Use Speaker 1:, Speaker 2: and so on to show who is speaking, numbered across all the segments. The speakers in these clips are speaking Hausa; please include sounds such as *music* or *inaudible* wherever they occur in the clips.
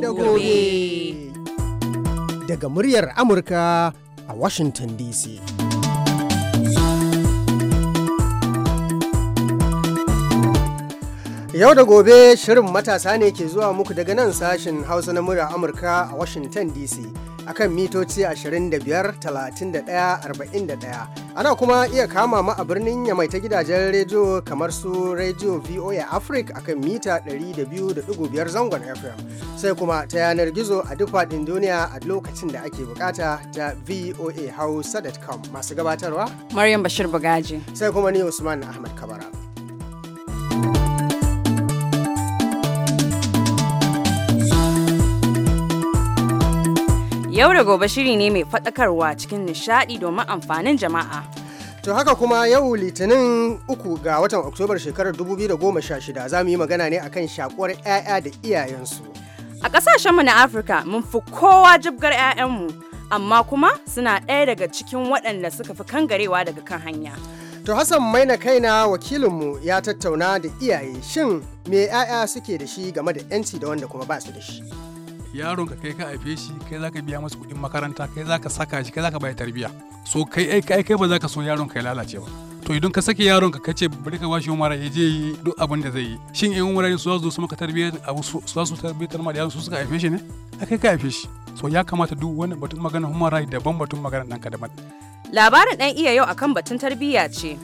Speaker 1: da
Speaker 2: gobe. Daga muryar Amurka a Washington DC. Yau da gobe shirin matasa ne ke zuwa muku daga nan sashen Hausa na muryar Amurka a Washington DC akan mitoci 25, 31, 41. Ana kuma iya kama mu a birnin yamaita ta gidajen rediyo kamar su rediyo VOA Africa akan mita 200.5 zangon FM sai kuma ta yanar gizo a duk faɗin duniya a lokacin da ake bukata ta voa voahausa.com masu gabatarwa Maryam Bashir Bugaji sai kuma ni Usman Ahmad Kabara.
Speaker 1: Yau da gobe shiri ne mai faɗakarwa cikin nishaɗi domin amfanin jama'a.
Speaker 2: To haka kuma yau litinin uku ga watan Oktobar shekarar 2016 za mu yi magana ne akan shakuwar 'ya'ya da iyayensu.
Speaker 1: A ƙasashenmu na Afirka mun fi kowa jibgar 'ya'yanmu, amma kuma suna ɗaya daga cikin waɗanda suka fi kangarewa daga kan hanya.
Speaker 2: To Hassan maina kaina wakilinmu ya tattauna da iyaye shin me 'ya'ya suke da shi game da 'yanci da wanda kuma ba su da shi.
Speaker 3: yaron ka kai ka haife shi kai za ka biya masa kuɗin makaranta kai za ka saka shi kai za ka bayar tarbiya so kai ai kai kai ba ka so yaron ka ya lalace ba to idan ka sake yaron ka ce bari ka bashi umara ya je yi duk abin da zai yi shin in umara su zo su maka tarbiya abu su su tarbiyatar ma da yaron su suka haife shi ne kai ka haife shi so ya kamata duk wani batun magana umara daban batun magana ɗanka daban
Speaker 1: labarin ɗan iya yau akan batun tarbiyya ce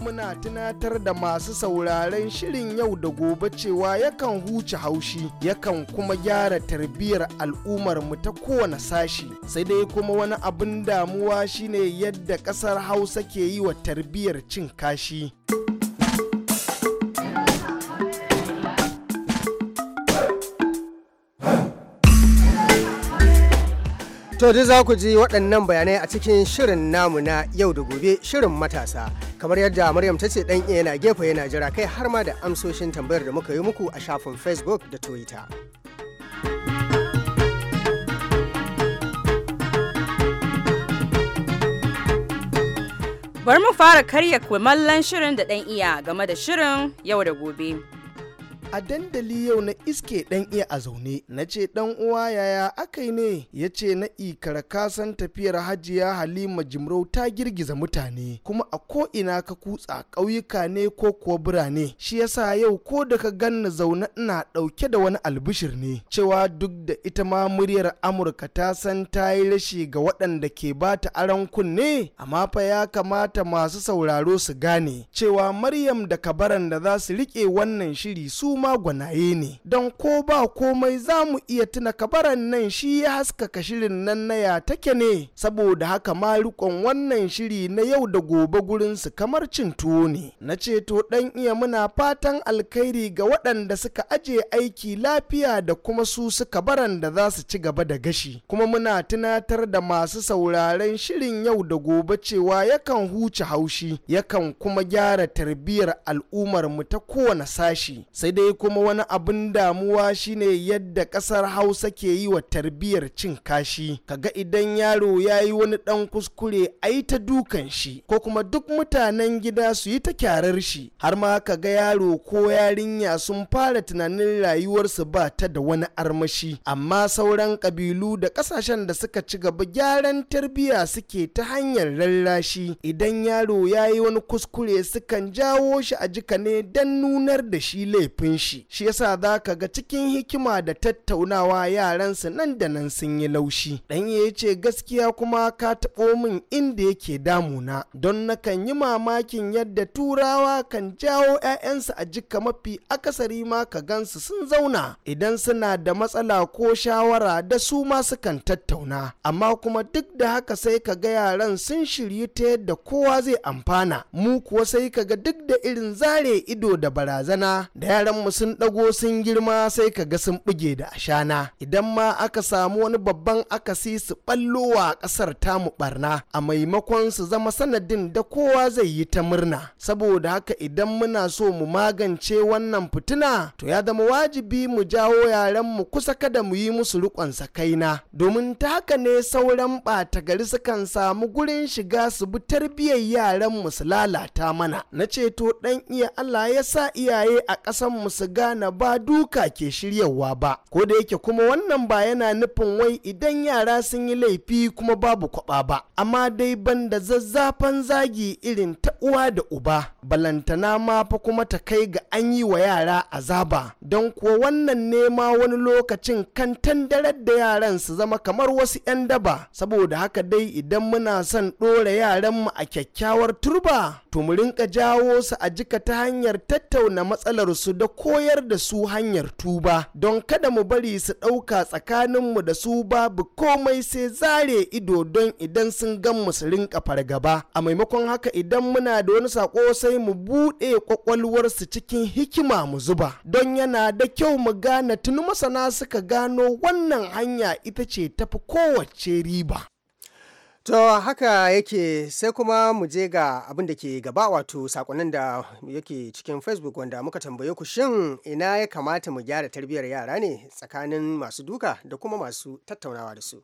Speaker 1: muna tunatar da masu
Speaker 4: sauraren shirin yau da gobe cewa yakan huce haushi yakan kuma gyara tarbiyyar al'ummar mu ta kowane sashi sai dai kuma wani abin damuwa shine yadda ƙasar hausa ke yi wa tarbiyyar cin kashi.
Speaker 2: To duk za ku ji waɗannan bayanai a cikin shirin namu na yau da gobe shirin matasa. Kamar yadda Maryam ta ce ɗan yana gefe yana jira kai har ma da amsoshin tambayar da muka yi muku a shafin Facebook da Twitter.
Speaker 1: Bar mu fara karya kumallon shirin da ɗan iya game da shirin yau da gobe.
Speaker 4: a dandali yau na iske dan iya a zaune na ce dan uwa yaya aka yi ne ya ce na ikara kasan tafiyar hajiya halima jimrau ta girgiza mutane kuma a ko ina ka kutsa ƙauyuka ne ko kuwa birane shi yasa yau ko da ka ganna zaune ina ɗauke da wani albishir ne cewa duk da ita ma muryar amurka ta san ta yi rashi ga waɗanda ke ba ta aron kunne amma fa ya kamata masu sauraro su gane cewa maryam da kabaran da za su riƙe wannan shiri su kuma gwanaye ne don ko ba komai za mu iya tuna kabaran nan shi ya haskaka shirin nan na ya take ne saboda haka ma rikon wannan shiri na yau da gobe gurin su kamar cin tuwo ne na ceto dan iya muna fatan alkhairi ga waɗanda suka aje aiki lafiya da kuma su suka baran da za su ci gaba da gashi kuma muna tunatar da masu sauraren shirin yau da gobe cewa yakan huce haushi yakan kuma gyara tarbiyyar al'ummar mu ta kowane sashi sai dai sai kuma wani abin damuwa shine yadda kasar hausa ke yi wa tarbiyyar cin kashi kaga idan yaro ya yi wani dan kuskure ai ta dukan shi ko kuma duk mutanen gida su yi ta kyarar shi har ma kaga yaro ko yarinya sun fara tunanin rayuwarsu ba ta da wani armashi amma sauran kabilu da kasashen da suka ci gaba gyaran tarbiyya suke ta hanyar rarrashi idan yaro ya yi wani kuskure sukan jawo shi a jika ne don nunar da shi laifin shi shi yasa za ka ga cikin hikima da tattaunawa yaransa nan da nan sun yi laushi dan ya ce gaskiya kuma ka taɓo min inda yake damuna don nakan yi mamakin yadda turawa kan jawo 'ya'yansu a jika mafi akasari ma ka gansu sun zauna idan suna da matsala ko shawara da su ma sukan tattauna amma kuma duk da haka sai ka ga yaran sun shiryu ta yadda kowa zai amfana mu kuwa sai ka ga duk da irin zare ido da barazana da yaran mu sun ɗago sun girma sai ka ga sun buge da ashana idan ma aka samu wani babban akasi su ɓallowa ƙasar mu barna a maimakon su zama sanadin da kowa zai yi ta murna saboda haka idan muna so mu magance wannan fitina to ya zama wajibi mu jawo yaren mu kusa kada mu yi musu riƙon sakaina domin ta haka ne sauran ɓata gari sukan samu gurin shiga su bi tarbiyyar yaran mu su lalata mana na ce to dan iya Allah ya sa iyaye a ƙasan mu su gane ba duka ke shiryawa ba ko da yake kuma wannan ba yana nufin wai idan yara sun yi laifi kuma babu kwaba ba amma dai banda zazzafan zagi irin ta uwa da uba balantana ma fa kuma ta kai ga an yi wa yara azaba don kuwa wannan nema wani lokacin kan tandarar da yaran su zama kamar wasu 'yan daba saboda haka dai idan muna son ɗora mu a kyakkyawar turba to mu rinka jawo su a jika ta hanyar tattauna matsalar su da ko koyar da su hanyar tuba don kada mu bari su ɗauka tsakaninmu da su babu komai sai zare ido don idan sun gan mu su rinka fargaba a maimakon haka idan muna da wani sako sai mu buɗe kwakwalwarsu cikin hikima mu zuba don yana da kyau mu gane tuni masana suka gano
Speaker 2: wannan hanya ita ce tafi kowace riba To haka yake sai kuma mu je ga abin da ke gaba wato sakonnin da yake cikin Facebook wanda muka tambaye ku shin ina ya kamata mu gyara tarbiyyar yara ne tsakanin masu duka da kuma masu tattaunawa da su.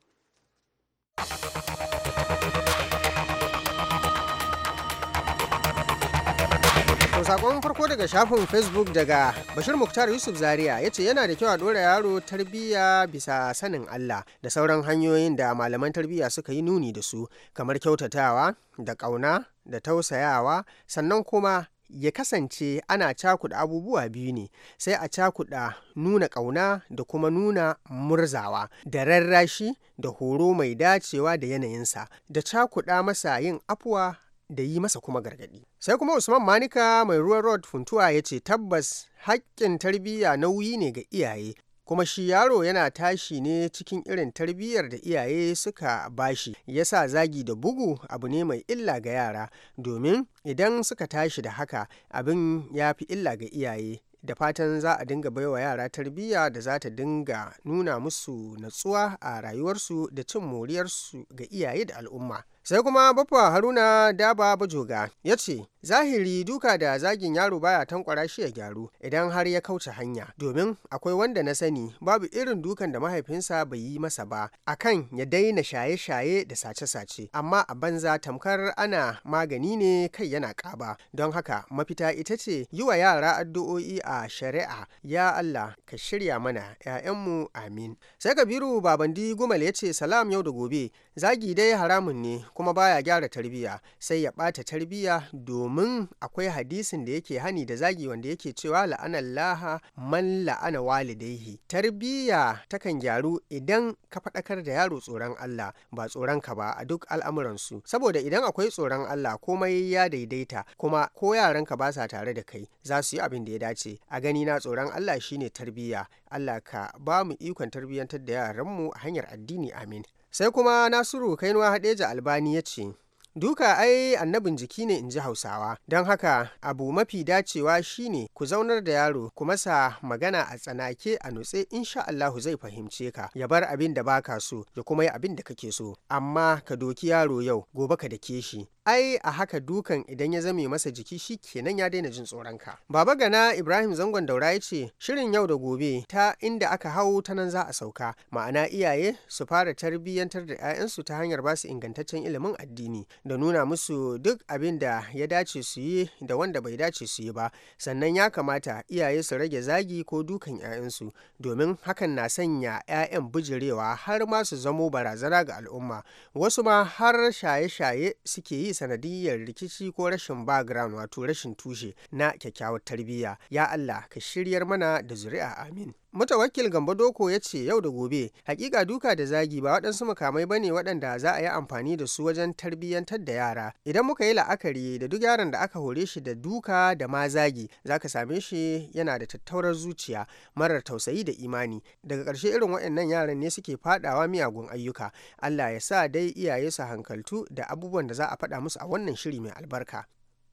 Speaker 2: To sakon farko daga shafin Facebook daga Bashir Muktar Yusuf Zaria ya ce yana da kyau a dora yaro tarbiyya bisa sanin Allah da sauran hanyoyin da malaman tarbiyya suka yi nuni da su kamar kyautatawa da ƙauna da tausayawa sannan kuma ya kasance ana cakuɗa abubuwa biyu ne sai a cakuɗa nuna ƙauna da kuma nuna murzawa da rarrashi da horo mai dacewa da yanayinsa da cakuɗa masa yin afuwa da yi masa kuma gargaɗi. Sai kuma Usman Manika mai ruwan Rod Funtuwa ya ce tabbas haƙƙin tarbiyya nauyi ne ga iyaye kuma shi yaro yana tashi ne cikin irin tarbiyyar da iyaye suka bashi yasa zagi da bugu abu ne mai illa ga yara domin idan suka tashi da haka abin ya fi illa ga iyaye da fatan za a dinga baiwa yara tarbiyya da za ta dinga nuna musu natsuwa a rayuwarsu da cin moriyarsu ga iyaye da al'umma. sai kuma baffa haruna daba bajoga ya ce zahiri duka da zagin yaro baya tankwara shi ya gyaru idan har ya kauce hanya domin akwai wanda na sani babu irin dukan da mahaifinsa bai yi masa ba akan ya daina shaye-shaye da sace-sace amma a banza tamkar ana magani ne kai yana ƙaba don haka mafita ita ce yi wa yara addu'o'i a shari'a ya Allah ka shirya mana 'ya'yanmu amin sai kabiru babandi gumal ya ce salam yau da gobe zagi dai haramun ne kuma baya gyara tarbiyya sai ya ɓata tarbiyya domin domin akwai hadisin da yake hani da zagi wanda yake cewa la'anallaha man la'ana walidaihi tarbiyya takan gyaru idan ka faɗakar da yaro tsoron Allah ba tsoron ka ba a duk al'amuransu saboda idan akwai tsoron Allah komai ya daidaita kuma ko yaranka ba sa tare da kai za su yi abin da ya dace a gani na tsoron Allah shine tarbiyya Allah ka ba mu ikon tarbiyyantar da yaranmu a hanyar addini amin sai kuma Nasiru Kainuwa Hadeja Albani ya ce Duka ai annabin jiki ne in ji Hausawa, don haka abu mafi dacewa shine ku zaunar da yaro ku masa magana a tsanake a nutse insha Allahu zai fahimce ka ya bar abin da baka so ya kuma yi abin da kake so amma ka doki yaro yau gobe ka dake shi ai a haka dukan idan ya zame masa jiki shi kenan ya daina jin tsoron ka baba gana ibrahim zangon daura ya ce shirin yau da gobe ta inda aka hau ta nan za a sauka ma'ana iyaye su fara tarbiyyantar da 'ya'yansu ta hanyar ba su ingantaccen ilimin addini da nuna musu duk abin da ya dace su yi da wanda bai dace su yi ba sannan ya kamata iyaye su rage zagi ko dukan 'ya'yansu domin hakan na sanya 'ya'yan bijirewa har ma su zamo barazana ga al'umma wasu ma har shaye-shaye suke yi sanadiyyar rikici ko rashin background wato rashin tushe na kyakkyawar tarbiyya ya Allah ka shiryar mana da zuri'a amin Mutawakkil Gambo Doko ya ce yau da gobe, hakika duka da zagi ba waɗansu makamai ba ne waɗanda za a yi amfani da su wajen tarbiyyantar da yara. Idan muka yi la'akari da duk yaron da aka hore shi da duka da ma zagi, za ka same shi yana da tattaurar zuciya, marar tausayi da imani. Daga ƙarshe irin waɗannan yaran ne suke faɗawa miyagun ayyuka. Allah ya sa dai iyaye su hankaltu da abubuwan da za a faɗa musu a wannan shiri mai albarka.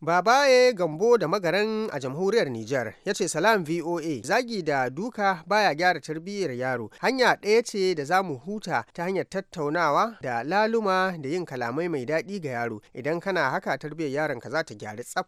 Speaker 2: Babaye Gambo da magaran a jamhuriyar Nijar ya ce salam VOA zagi da duka baya gyara tarbiyyar yaro hanya ɗaya ce da za mu huta ta hanyar tattaunawa da laluma da yin kalamai mai daɗi ga yaro idan kana haka tarbiyyar yaron ka za ta gyaru tsaf.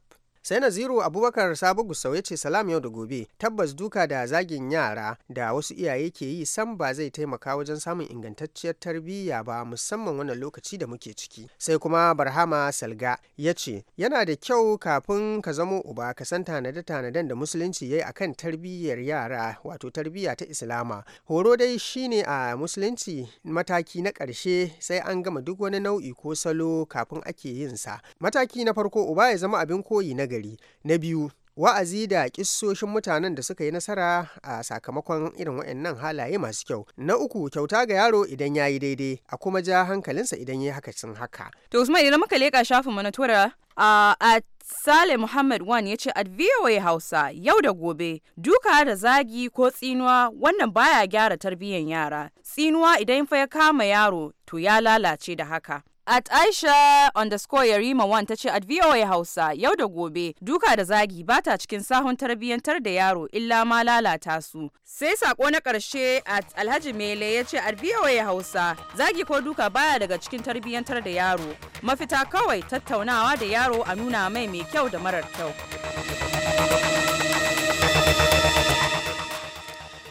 Speaker 2: sai naziru abubakar sabu gusau ya ce salam yau da gobe tabbas duka da zagin yara da wasu iyaye ke yi sam ba zai taimaka wajen samun ingantacciyar tarbiyya ba musamman wannan lokaci da muke ciki sai kuma barhama salga ya ce yana da kyau kafin ka zamo uba ka san tanade-tanaden da musulunci ya yi akan tarbiyyar yara wato tarbiyya ta islama horo dai shine a musulunci mataki na ƙarshe sai an gama duk wani nau'i ko salo kafin ake yin sa mataki na farko uba ya zama abin koyi na gari na biyu wa'azi da kissoshin mutanen da suka yi nasara a sakamakon irin waɗannan halaye masu kyau na uku kyauta ga yaro idan ya yi daidai a kuma ja hankalinsa idan ya yi haka sun haka
Speaker 1: to usman idan muka leƙa shafin mu na tura a Sale Muhammad Wan ya ce at VOA Hausa yau da gobe duka da zagi ko tsinuwa wannan baya gyara tarbiyyar yara. Tsinuwa idan fa ya kama yaro to ya lalace da haka. At Aisha underscore Yarima Wan ta ce at VOA Hausa yau da gobe duka da zagi ba ta cikin sahun tarbiyyantar da yaro illa ma lalata su. Sai sako na karshe at Alhaji Mele ya ce at VOA Hausa zagi ko duka baya daga cikin tarbiyyantar da yaro. Mafita kawai tattaunawa da yaro a nuna mai mai kyau da marar kyau.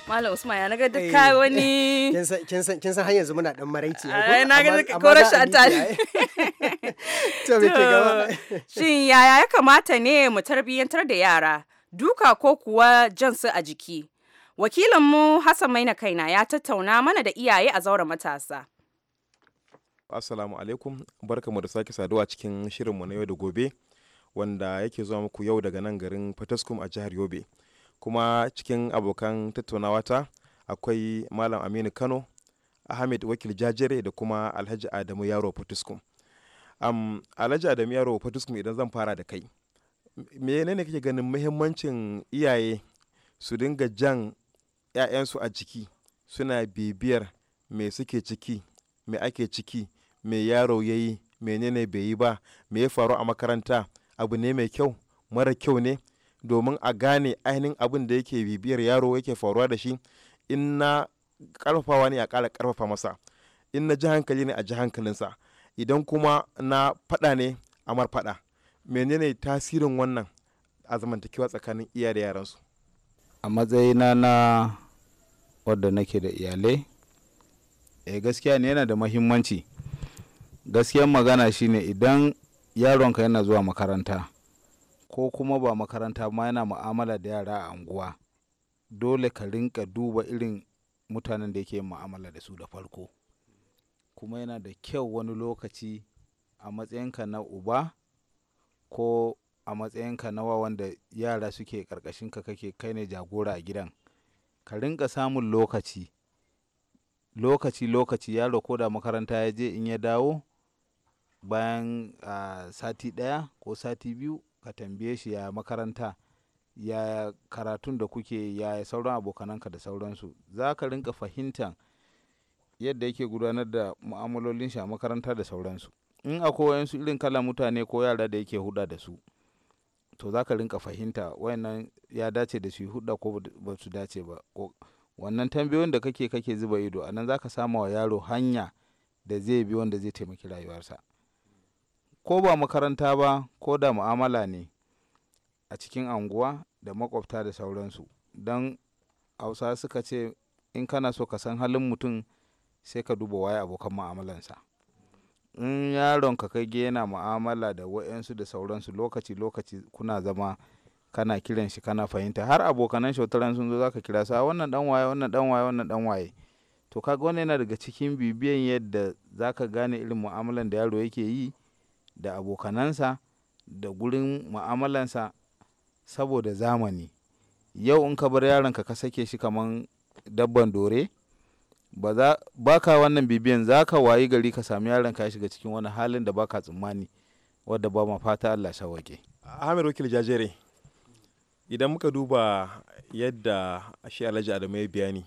Speaker 1: Malam Usman ya naga duk wani
Speaker 2: kin san hanyar muna dan maraici ai na ga ko rashin atali
Speaker 1: *laughs* to me *laughs* shin yaya ya kamata ne mu tarbiyyantar da yara duka ko kuwa jan su a jiki wakilinmu Hassan Maina Kaina ya tattauna mana da iyaye a zaura matasa
Speaker 5: Assalamu alaikum barkamu da sake saduwa cikin shirinmu na yau da gobe wanda yake zuwa muku yau daga nan garin Fataskum a jihar Yobe. kuma cikin abokan tattaunawa ta akwai malam aminu kano ahmed wakil jajere da kuma alhaji adamu yaro fatuskum um, alhaji adamu yaro fatuskum idan zan fara da kai menene kake ganin muhimmancin iyaye su dinga jan 'ya'yansu a ciki suna bibiyar me suke ciki me ake ciki me yaro ya yi menene bai yi ba me ya faru a makaranta abu ne mai kyau mara kyau ne domin a gane ainihin abin da yake bibiyar yaro yake faruwa da shi in na karfafawa ne a ƙara karfafa masa in na ji hankali ne a ji hankalinsa idan kuma na faɗa ne a mar fada menene tasirin wannan a zamantakewa tsakanin iya da
Speaker 6: yaransu a matsayina na wadda nake da iyalai e gaskiya ne yana da mahimmanci gaskiyan magana shine idan yaronka yana zuwa makaranta ko kuma ba makaranta ma yana mu'amala da yara a unguwa dole ka rinka duba irin mutanen da yake mu'amala da su da farko kuma yana da kyau wani lokaci a matsayinka na uba ko a matsayinka nawa wanda yara suke karkashin ka kake kai ne jagora a gidan ka rinka samun lokaci lokaci lokaci yaro ko da makaranta ya je in ya dawo bayan uh, sati ɗaya ko sati biyu ka tambaye shi ya makaranta ya karatun da kuke ya sauran abokananka da sauransu za ka rinka fahimta yadda yake gudanar da mu'amalolin shi a makaranta da sauransu in akwai wayansu irin kala mutane ko yara da yake huda da su to za ka rinka fahimta wayannan ya dace da su yi huda ko ba su dace ba wannan tambayoyin da kake kake zuba ido a nan za ka sama wa yaro hanya da zai bi wanda zai taimaki rayuwarsa ko ba makaranta ba ko da mu'amala ne a cikin anguwa da makwabta da sauransu don hausa suka ce in kana so ka san halin mutum sai ka duba waye abokan mu'amalansa in yaron ka kai yana mu'amala da wa'yansu da sauransu lokaci lokaci kuna zama kana kiran shi kana fahimta har abokanan shautaran sun zo zaka kira sa wannan dan waye wannan dan waye wannan dan waye to kaga wannan yana daga cikin bibiyan yadda zaka gane irin mu'amalan da yaro yake yi da abokanansa da gurin mu'amalansa saboda zamani yau in ka bar yaronka ka sake shi kaman dabban dore ba ka wannan bibiyan za ka wayi gari ka sami yaronka ya shiga cikin wani halin da ba ka tsammani wadda ba ma fata Allah shawage
Speaker 5: Ahmed wakil jajere idan muka duba yadda shi alhaji adamu ya bayani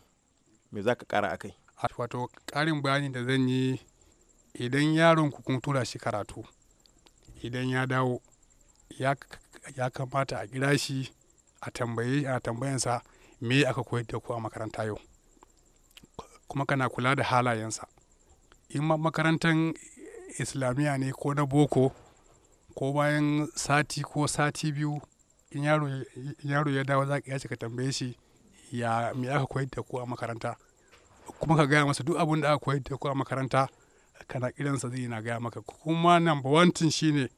Speaker 5: me za ka kara akai
Speaker 3: wato karin bayani da zan yi idan yaron ku kun tura shi karatu idan ya dawo ya kamata a kira shi a tambaye a tambayansa me aka koyar da ku a makaranta yau kuma kana kula da halayensa in makarantar islamiyya ne ko na boko ko bayan sati ko sati biyu in yaro ya dawo za ka iya ka tambaye shi ya me aka koyar da ku a makaranta kuma ka gaya masa duk abin da aka koyar da ku a makaranta kana kiransa zai na gaya maka kuma number one shi shine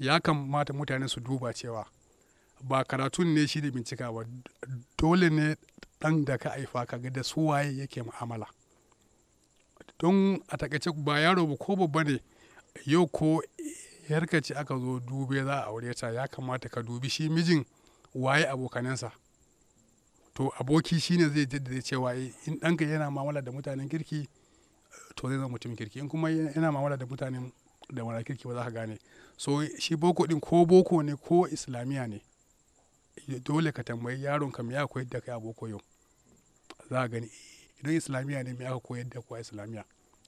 Speaker 3: ya kamata mutane su duba cewa ba karatu ne shi da bincika ba dole ne dan da ka haifa ka ga da su waye yake mu'amala don a takaice ba yaro ba ko babba ne yau ko yarka ce aka zo dube za a aure ta ya kamata ka dubi shi mijin waye abokanansa to aboki shine zai jaddada cewa eh, in ɗanka yana mu'amala da mutanen kirki to zai zama mutumin kirki in kuma yana mamala da mutane da wani kirki ba za ka gane so shi boko din ko boko ne ko islamiyya ne dole ka tambayi yaron ka me aka koyar da kai a boko yau za ka gani idan islamiyya ne me aka koyar da kuwa islamiyya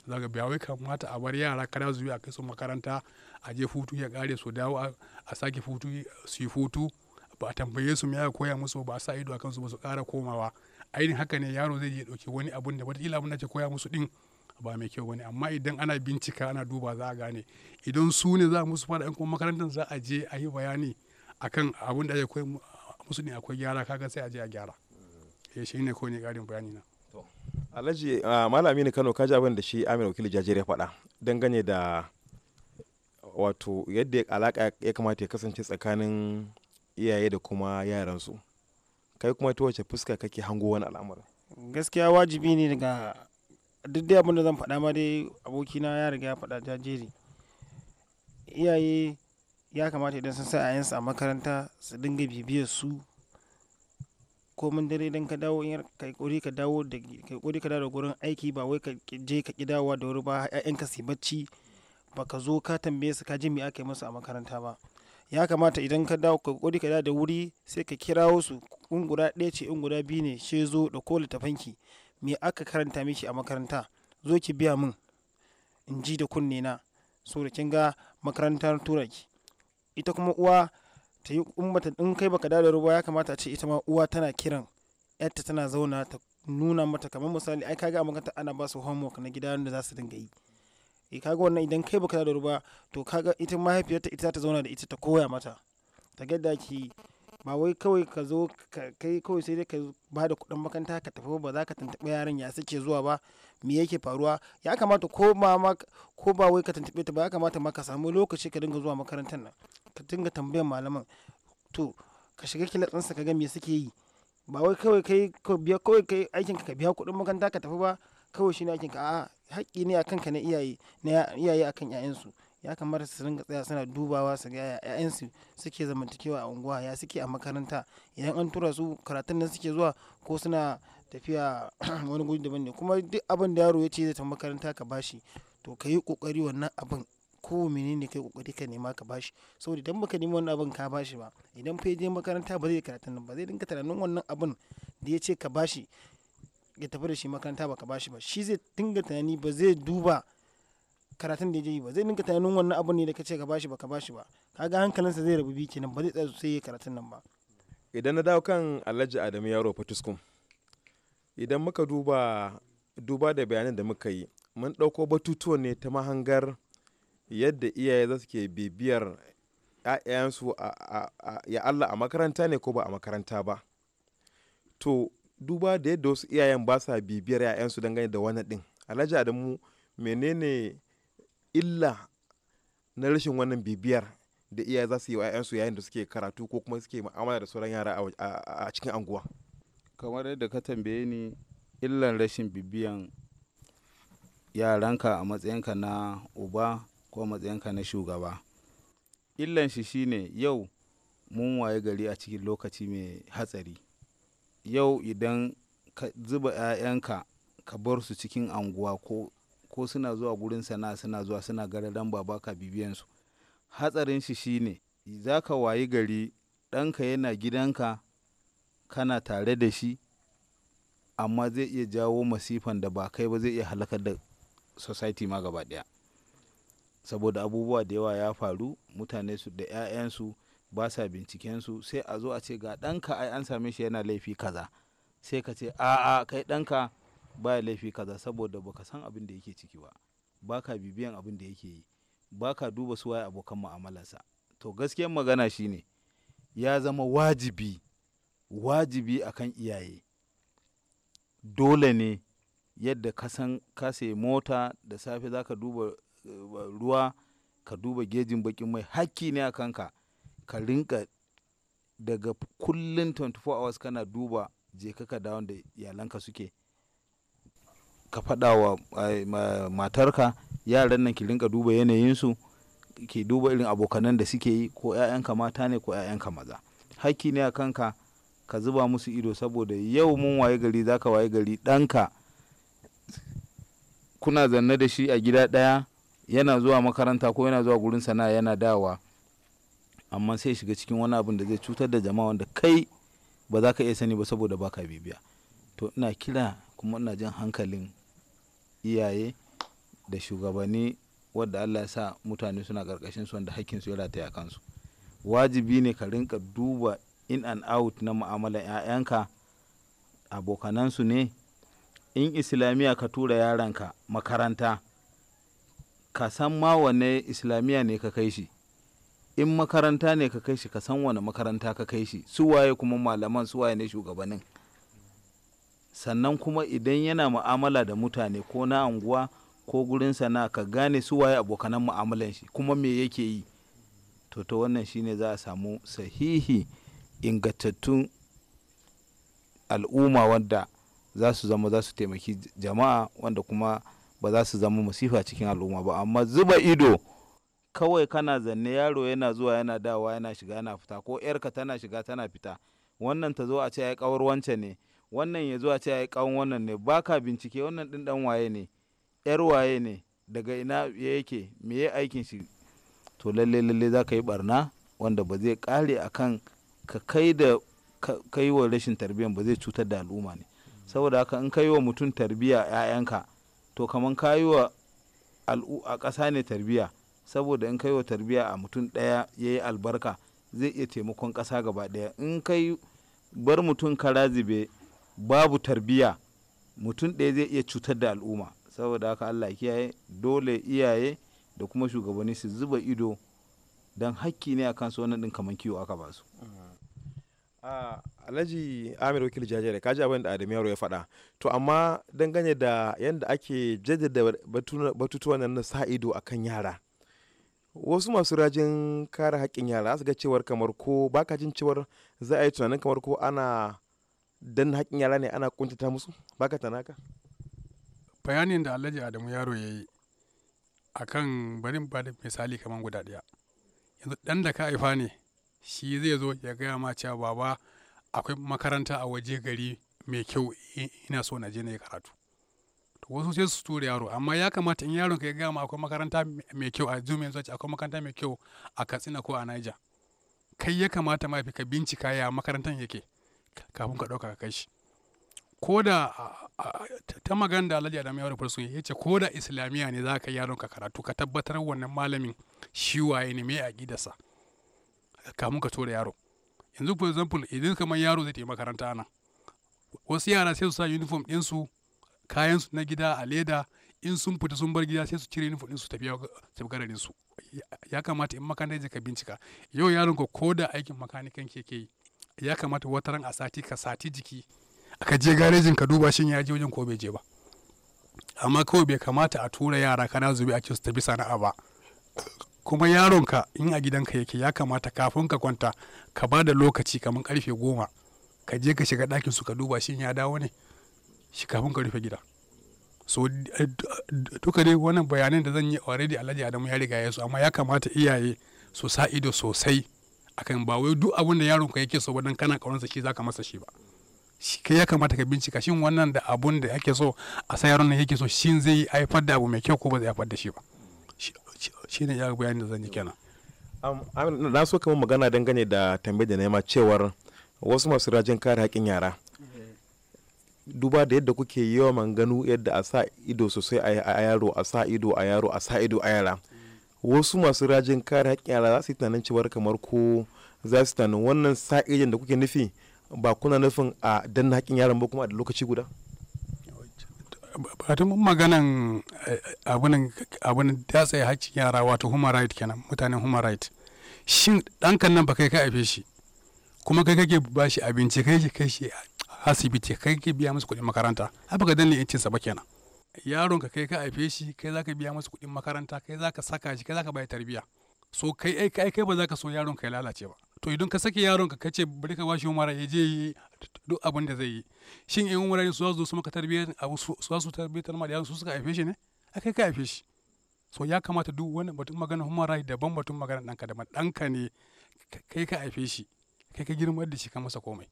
Speaker 3: za ka biya wai kamata a bar yara kada zuwa a kai su makaranta a je futu ya kare su dawo a sake futu su yi futu ba a tambaye su me aka koya musu ba a sa ido a kansu ba su kara komawa ainihin haka ne yaro zai je ɗauki wani abun da wataƙila abun da ke koya musu din ba mai kyau bane amma idan ana bincika ana duba za a gane idan su ne za musu fada yan kuma makarantar za a je a yi bayani akan abin da koyi musu ne akwai gyara kaga sai a je a gyara eh shi ne ko ne karin bayani na
Speaker 5: alhaji malami ne kano kaji abin da shi amin wakili jajere faɗa dangane da wato yadda alaka ya kamata ya kasance tsakanin iyaye da kuma yaransu kai kuma ta wace fuska kake hango wani al'amarin
Speaker 7: gaskiya wajibi ne daga duk dai abin da zan faɗa ma dai abokina ya riga ya faɗa jajiri iyaye ya kamata idan sun sa yayansu a makaranta su dinga bibiyar su komin dare idan ka dawo in kai kori ka dawo da kai kuri ka dawo da gurin aiki ba wai ka je ka ki da wuri ba ka su bacci baka zo ka tambaye su ka ji me aka yi musu a makaranta ba ya kamata idan ka dawo ka kori ka dawo da wuri sai ka kirawo su in guda ɗaya ce in guda biyu ne shezo da ko tafanki me aka karanta mishi a makaranta zo ki biya min in ji da kunne na so da kin ga makarantar turaki ita kuma uwa ta yi ummata in kai baka da ruwa ya kamata ce ita ma uwa tana kiran yadda tana zauna ta nuna mata kamar misali ai kaga a makaranta ana ba su homework na gida da za su dinga yi e eh, kaga wannan idan kai baka da ruwa to kaga ita mahaifiyarta ita ta zauna da ita ta koya mata ta ga ki ba wai kawai ka zo kai kawai sai dai ka ba da kuɗin makaranta ka tafi ba za ka tuntuɓi yaran ya suke zuwa ba me yake faruwa ya kamata ko ma ko ba wai ka tuntuɓe ta ba ya kamata ma ka samu lokaci ka dinga zuwa makarantar nan ka dinga tambayar malaman to ka shiga kilatsinsa ka ga me suke yi ba wai kawai kai ka biya kawai kai aikin ka biya kuɗin makaranta ka tafi ba kawai shine aikin ka a'a haƙƙi ne akan ka na iyaye na iyaye akan 'ya'yansu ya kamata su ringa tsaya suna dubawa su ga su suke zamantakewa a unguwa ya suke a makaranta idan an tura su karatun nan suke zuwa ko suna tafiya *clears throat* wani guri daban ne kuma duk abin da yaro ya ce zai tafi makaranta ka bashi to ka yi kokari wannan abin ko menene kai kokari ka nema ka bashi saboda idan baka nemi wannan abin ka bashi ba idan fa je makaranta ba zai karatun nan ba zai dinka tunanin wannan abin da ya ce ka bashi ya tafi da shi makaranta ba ka bashi ba shi zai dinga tunani ba zai duba karatun da ya yi ba zai dinka tunanin wannan abu ne da ka ce ka bashi ba ka bashi ba kaga hankalinsa zai rabu biki nan ba zai tsaya sosai ya karatun nan ba
Speaker 5: idan na dawo kan alhaji adamu yaro fatuskun idan muka duba duba da bayanan da muka yi mun ɗauko batutuwan ne ta mahangar yadda iyaye za su ke bibiyar 'ya'yansu ya Allah a makaranta ne ko ba a makaranta ba to duba da yadda wasu iyayen ba sa bibiyar 'ya'yansu dangane da wani ɗin alhaji adamu menene illa na rashin wannan bibiyar da iya za su yi wa 'ya'yansu yayin da suke karatu ko kuma suke ma'amala da sauran yara a
Speaker 6: cikin anguwa kamar yadda ka tambaye ni illan rashin bibiyan yaranka a matsayinka na uba ko matsayinka na shugaba illan shi shine yau mun waye gari a cikin lokaci mai hatsari yau idan ka zuba 'ya'yanka ka bar su cikin anguwa ko ko suna zuwa gurin sana'a suna zuwa suna gararan baba ka bibiyan su hatsarin shi shine za ka wayi gari ɗanka yana gidanka kana tare da shi amma zai iya jawo masifan da ba kai ba zai iya halakar da society ma gaba ɗaya saboda abubuwa da yawa ya faru mutane su da 'ya'yansu ba sa bincikensu sai a zo a ce ga ɗanka ai an same shi yana laifi kaza sai ka ce a'a kai ɗanka baya laifi kaza saboda baka san abin da yake ciki ba baka bibiyan abin da yake yi baka duba su waye abokan mu'amalarsa to gaskiyar magana shine ya zama wajibi wajibi akan iyaye dole ne yadda ka san ka sayi mota da safe zaka duba eh, ruwa ka duba gejin bakin mai hakki ne a kanka ka rinka daga kullun 24 hours kana duba je ka dawo da iyalanka suke ka faɗa wa matarka yaran nan ki rinka duba yanayin su ki duba irin abokanan da suke yi ko 'ya'yanka mata ne ko 'ya'yanka maza hakki ne a kanka ka zuba musu ido saboda yau mun waye gari zaka waye gari ɗanka kuna zanne da shi a gida ɗaya yana zuwa makaranta ko yana zuwa gurin sana'a yana dawa amma sai shiga cikin wani abin da zai cutar da jama'a wanda kai ba za ka iya sani ba saboda baka bibiya to ina kira kuma ina jin hankalin iyaye da shugabanni wadda Allah ya sa mutane suna karkashin su wanda hakkin su ya rataya kansu wajibi ne ka rinka duba in and out na mu'amalar 'ya'yanka abokanansu ne in islamiyya ka tura yaran ka makaranta ka san ma wane islamiyya ne ka kai shi in makaranta ne ka kai shi ka san wane makaranta ka kai shi su waye kuma malaman su waye ne shugabannin sannan kuma idan yana mu'amala da mutane ko na anguwa ko gurin sana ka gane su waye abokanan mu'amalan shi kuma me yake yi to ta wannan shine za a samu sahihi ingantattun al'umma wanda za su zama za su taimaki jama'a wanda kuma ba za su zama masifa cikin al'umma ba amma zuba ido kawai kana zanne yaro yana zuwa yana dawa yana shiga yana fita ko yarka tana shiga tana fita wannan ta zo a ce ya kawar wance ne wannan ya zuwa ce yi kawon wannan ne baka bincike wannan ɗin ɗan waye ne yar waye ne daga ina ya yake me ya aikin shi to lalle lalle za ka yi barna wanda ba zai kare akan ka kai da yi wa rashin tarbiyyar ba zai cutar da al'umma ne saboda haka in kai wa mutum tarbiyya 'ya'yanka to kaman ka yi wa a ƙasa ne tarbiyya saboda in kai wa tarbiyya a mutum ɗaya ya yi albarka zai iya taimakon ƙasa gaba ɗaya in yi bar mutum ka razibe. babu tarbiya mutum ɗaya zai iya cutar da al'umma saboda haka allah kiyaye dole iyaye da kuma shugabanni su zuba ido don hakki ne a kansu wannan ɗin kamar kiwo aka ba su.
Speaker 5: alhaji amir wakil jajere kaji abin da adam yaro ya faɗa to amma dangane da yadda ake jaddada batutuwan nan na sa ido a kan yara wasu masu rajin kare haƙƙin yara su ga cewar kamar ko baka jin cewar za a yi tunanin kamar ko ana dan haƙƙin yara ne ana kuntata musu baka tanaka
Speaker 3: bayanin da alhaji adamu yaro ya yi a kan barin ba da misali kamar guda ɗaya yanzu ɗan da ka haifa ne shi zai zo ya gaya ma cewa baba akwai makaranta a waje gari mai kyau ina so na je na yi karatu to wasu sai su tura yaro amma ya kamata in yaron ka ya gaya ma akwai makaranta mai kyau a zume yanzu akwai makaranta mai kyau a katsina ko a niger kai ya kamata mafi ka bincika ya makarantar yake kafin ka ɗauka ka kai shi ko da ta magana da alhaji adamu yawon farsu ya ce ko da islamiyya ne za ka yaron ka karatu ka tabbatar wannan malamin shi waye ne mai aƙidarsa kafin ka tura yaro yanzu for example idan kamar yaro zai taimaka makaranta nan wasu yara sai su sa uniform ɗinsu su na gida a leda in sun fita sun bar gida sai su cire uniform ɗinsu tafiya tafi su ya kamata in makaranta ka bincika yau yaron ka ko da aikin makanikan ke yi ya kamata wata ran a sati ka sati jiki aka je garejin ka duba shin ya je wajen ko bai je ba amma kawai bai kamata a tura yara kana zube a ce tafi sana'a ba kuma yaronka in a gidanka yake ya kamata kafin ka kwanta ka ba da lokaci kamar karfe goma ka je ka shiga ɗakin su ka duba shin ya dawo ne shi kafin ka rufe gida so duka dai wannan bayanan da zan yi already alhaji adamu ya riga ya su amma ya kamata iyaye su sa ido sosai akan ba wai duk abin da yaron ka yake so ba dan kana kauransa shi zaka masa shi ba shi kai ya kamata ka bincika shin wannan da abun da yake so a sa yaron nan yake so shin zai haifar da abu mai kyau ko ba zai haifar da shi ba shi ne ya bayani da zan yi kenan
Speaker 5: na so kamar magana dangane da tambayar da nema cewar wasu masu rajin kare haƙƙin yara duba da yadda kuke yawan ganu yadda a sa ido sosai a yaro a sa ido a yaro a sa ido a yara wasu masu rajin kare haƙƙin yara za su yi tunanin cewar kamar ko za su tunanin wannan sa'ilin da kuke nufi ba kuna nufin
Speaker 3: a danna haƙƙin yaran ba kuma a lokaci guda batun maganan eh, abunan abunan tsaye haƙƙin yara wato human right kenan mutanen human right shin ɗankan nan ba kai ka aife shi kuma kai kake ba shi abinci kai shi kai shi asibiti kai ke biya musu kuɗin makaranta haka ka danna 'yancinsa ba kenan yaron ka kai ka haife shi kai zaka biya masa kuɗin makaranta kai zaka saka shi kai zaka bai tarbiyya so kai ai kai kai ba zaka so yaron ka ya lalace ba to idan ka sake yaron ka kace bari ka bashi umara ya je yi duk abin da zai yi shin in umara su zo su maka tarbiyyar abu su su tarbiyyar ma yaron su suka haife shi ne a kai ka haife shi so ya kamata duk wani batun magana umara daban batun magana danka daban danka ne kai ka haife shi kai ka girmar da shi ka masa komai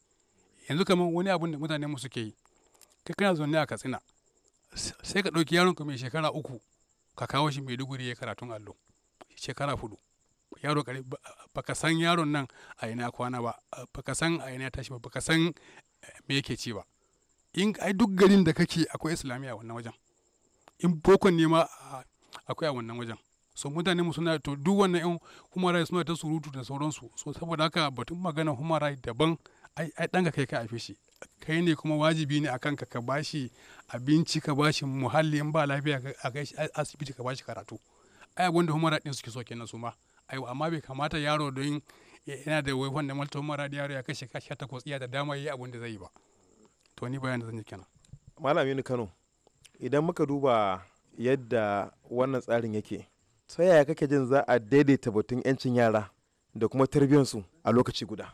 Speaker 3: yanzu kamar wani abun da mutane mu suke yi kai kana zaune a katsina sai ka ɗauki yaronka mai shekara uku ka kawo shi maiduguri ya karatun allo shekara hudu yaro kare baka san yaron nan a ina kwana ba baka san a ina tashi ba baka san eh, me yake ci ba in ai duk garin da kake akwai islamiyya a wannan wajen in bokon ne ma akwai a wannan wajen so mutane mu suna to duk wannan yan human rights suna ta surutu da sauransu so saboda haka batun magana human rights daban ai ɗanka kai ka haife shi kai ne kuma wajibi ne akan ka ka bashi abinci ka bashi muhalli in ba lafiya a kai asibiti ka bashi karatu ai abin da humara ɗin suke so kenan su ma ai amma bai kamata yaro don yana da wai wanda malta humara da yaro ya kashe ka sha ta iya da dama yi abin da zai yi ba
Speaker 5: to ni bayan da zan yi kenan malam yuni kano idan muka duba yadda wannan tsarin yake ta yaya kake jin za a daidaita batun 'yancin yara da kuma tarbiyyarsu a lokaci guda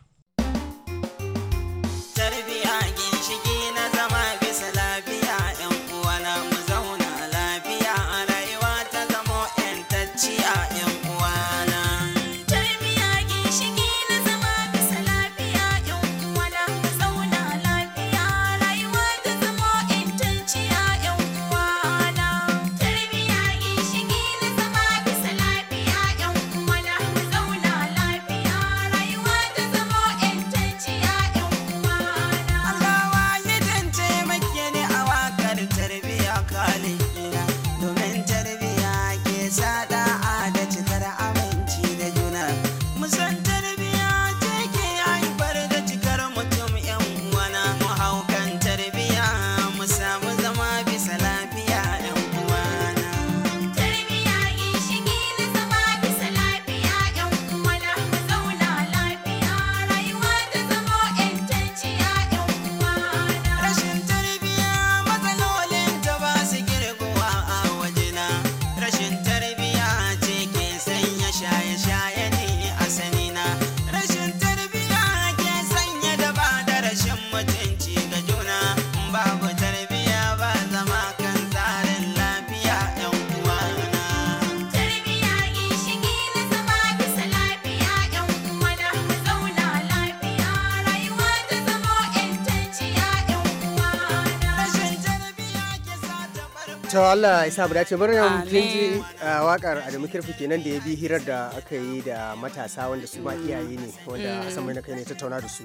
Speaker 2: Allah ya sa dace bari na kin ji wakar Adamu Kirfi kenan da ya bi hirar da aka yi da matasa wanda su ma iyaye ne wanda mm. a samun kai ne tattauna da su.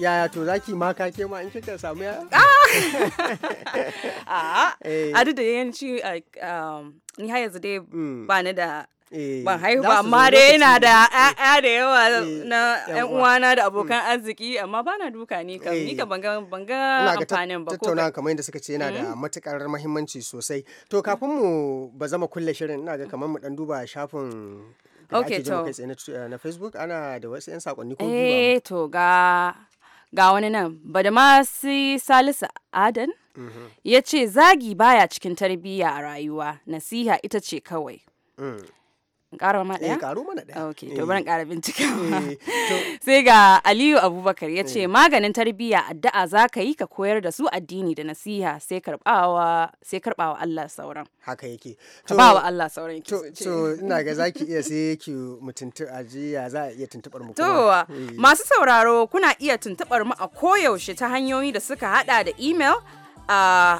Speaker 2: Yaya to zaki ma
Speaker 1: ka ke ma in kika samu ya? Ah! *laughs* Eh. A duk da yanci um, ni har yanzu dai mm. ba ni da
Speaker 2: Eh, ba haihuwa amma dai yana da eh, ƴaƴa da yawa eh, na yan uwana da abokan
Speaker 1: mm. arziki amma ba na duka ni kam ni ka banga banga amfanin ba ko tattauna
Speaker 2: kamar yadda suka ce yana da mm. matukar muhimmanci sosai to mm. kafin mu ba zama kulle shirin ina ga kamar mu dan duba shafin ok to na facebook ana da wasu 'yan sakonni ko eh
Speaker 1: to ga ga wani nan badamasi salisu adan mm-hmm. ya ce zagi baya cikin tarbiyya a rayuwa nasiha ita ce kawai Mm. ƙara ma ɗaya? Eh, ƙaro mana ɗaya. Ok, to eh. bari ƙara bincika. Eh, *laughs* sai ga Aliyu Abubakar ya ce maganin tarbiyya addu'a za ka yi ka koyar da su addini da nasiha sai karɓawa sai karɓawa Allah sauran. Haka yake. Ka ba wa Allah sauran yake. To ina ga za
Speaker 2: ki iya sai ki mutuntu ajiya za a iya tuntuɓar mu. To masu
Speaker 1: sauraro kuna iya tuntuɓar mu a koyaushe ta hanyoyi da suka haɗa da email a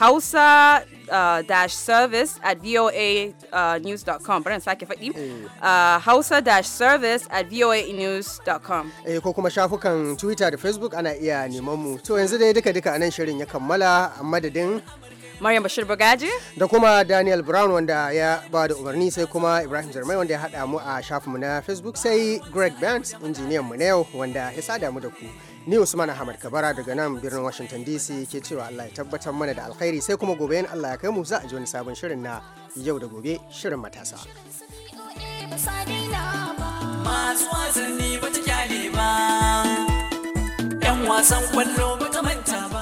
Speaker 1: hausa Uh, dash service at uh, news.com bari sake faɗi eh. uh, hausa dash service at voanews.com
Speaker 2: eh ko kuma shafukan twitter da facebook ana iya neman mu to yanzu dai duka duka anan shirin ya kammala a madadin
Speaker 1: Maryam Bashir Bagaji.
Speaker 2: Da kuma Daniel Brown wanda ya ba da umarni sai kuma Ibrahim Jarmai wanda ya haɗa mu a shafinmu na Facebook sai Greg Banks injiniyan mu na yau wanda ya sada mu da ku. ni usman ahmad kabara daga nan birnin washington dc ke cewa allah ya tabbatar mana da alkhairi sai kuma gobe in allah ya kai mu za a ji wani sabon shirin na yau da gobe shirin matasa
Speaker 1: masu wasanni ba wasan
Speaker 4: kwallo ba